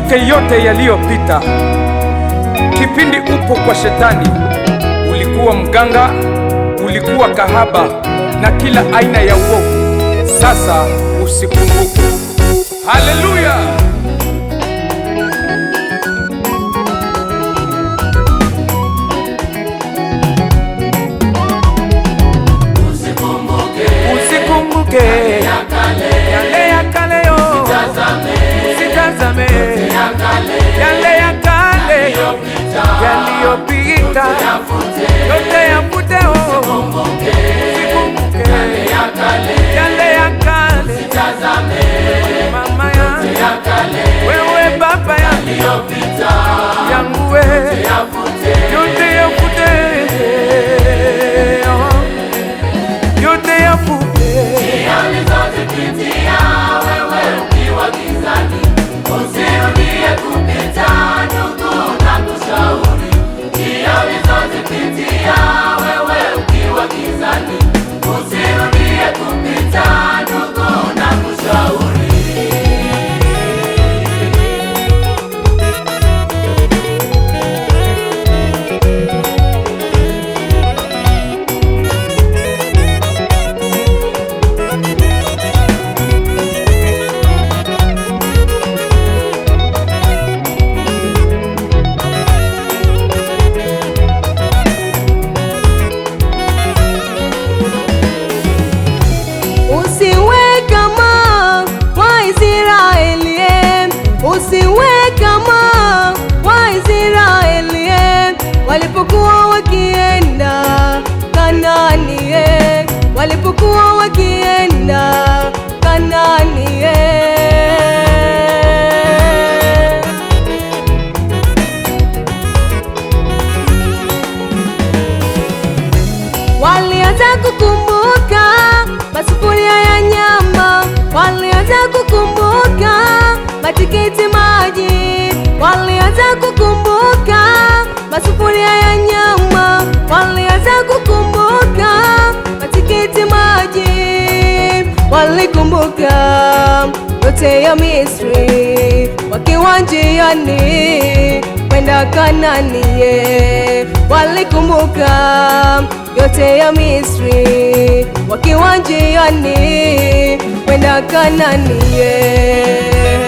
Ukumbuke yote yaliyopita. Kipindi upo kwa Shetani, ulikuwa mganga, ulikuwa kahaba na kila aina ya uovu. Sasa usikumbuke. Haleluya! Usikumbuke, usikumbuke. você. usiwe kama Waisraeli eh, walipokuwa wakienda Kanaani, eh, walipokuwa wakienda Kanaani. Eh. Walianza kukumbuka masufuria ya nyama, walianza kukumbuka matike maji, walianza kukumbuka masufuria ya nyama, walianza kukumbuka matikiti maji, walikumbuka yote ya Misri wakiwa njiani kwenda Kanani. ye walikumbuka yote ya Misri wakiwa njiani kwenda Kanani, ye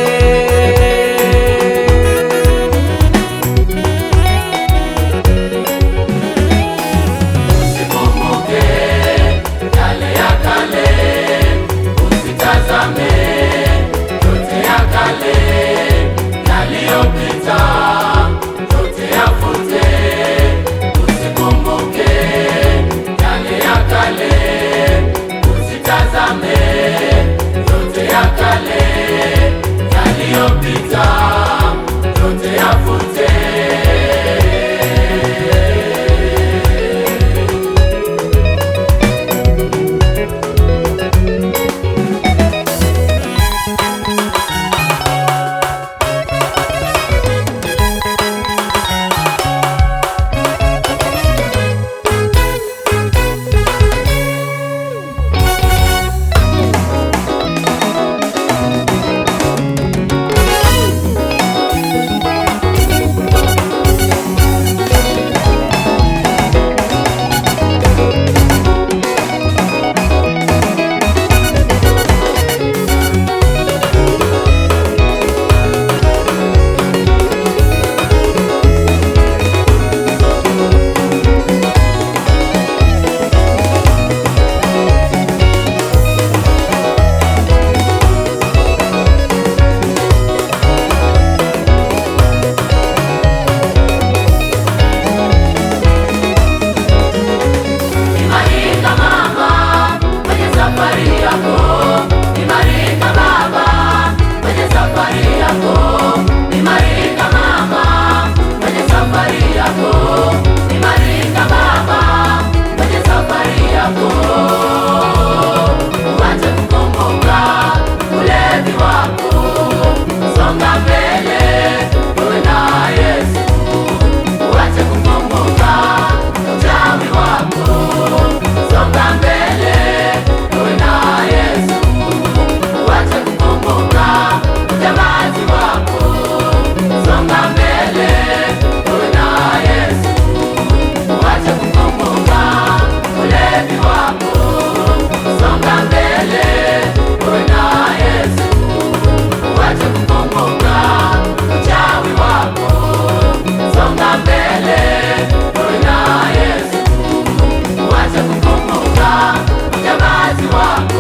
Jehovah.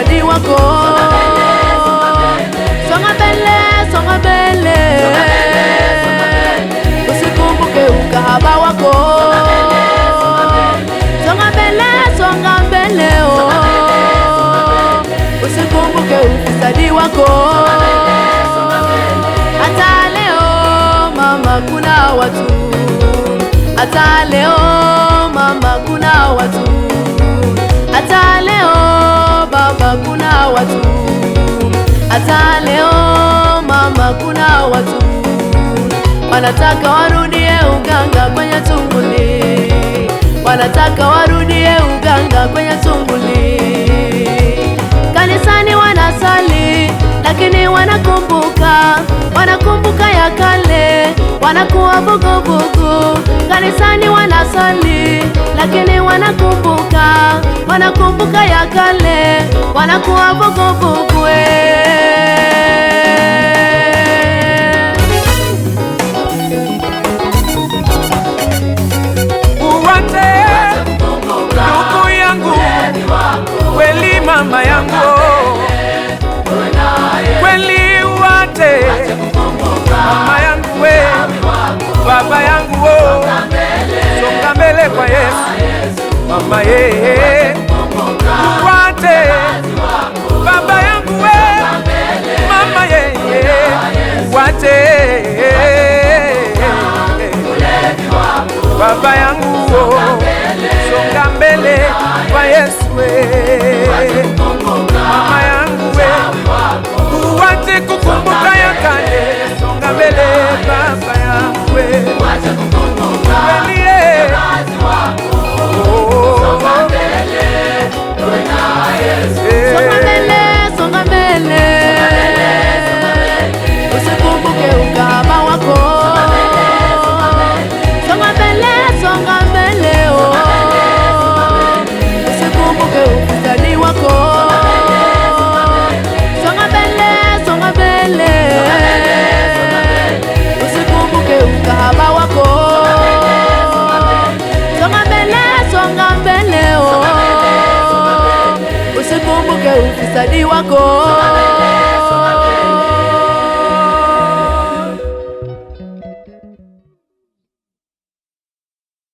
mradi wako, songa mbele, songa mbele, usikumbuke ukahaba wako, songa mbele, songa mbele, oh. usikumbuke ufisadi wako. Hata leo mama, kuna watu, hata leo mama, kuna watu watu, hata leo mama, kuna watu wanataka warudie uganga kwenye tunguli, wanataka warudie uganga kwenye tunguli. Kanisani wanasali, lakini wanakumbuka, wanakumbuka ya kale wanakuwa vuguvugu, kanisani wanasali, lakini wanakumbuka, wanakumbuka ya kale, wanakuwa vuguvugu eh. my head. ufisadi wako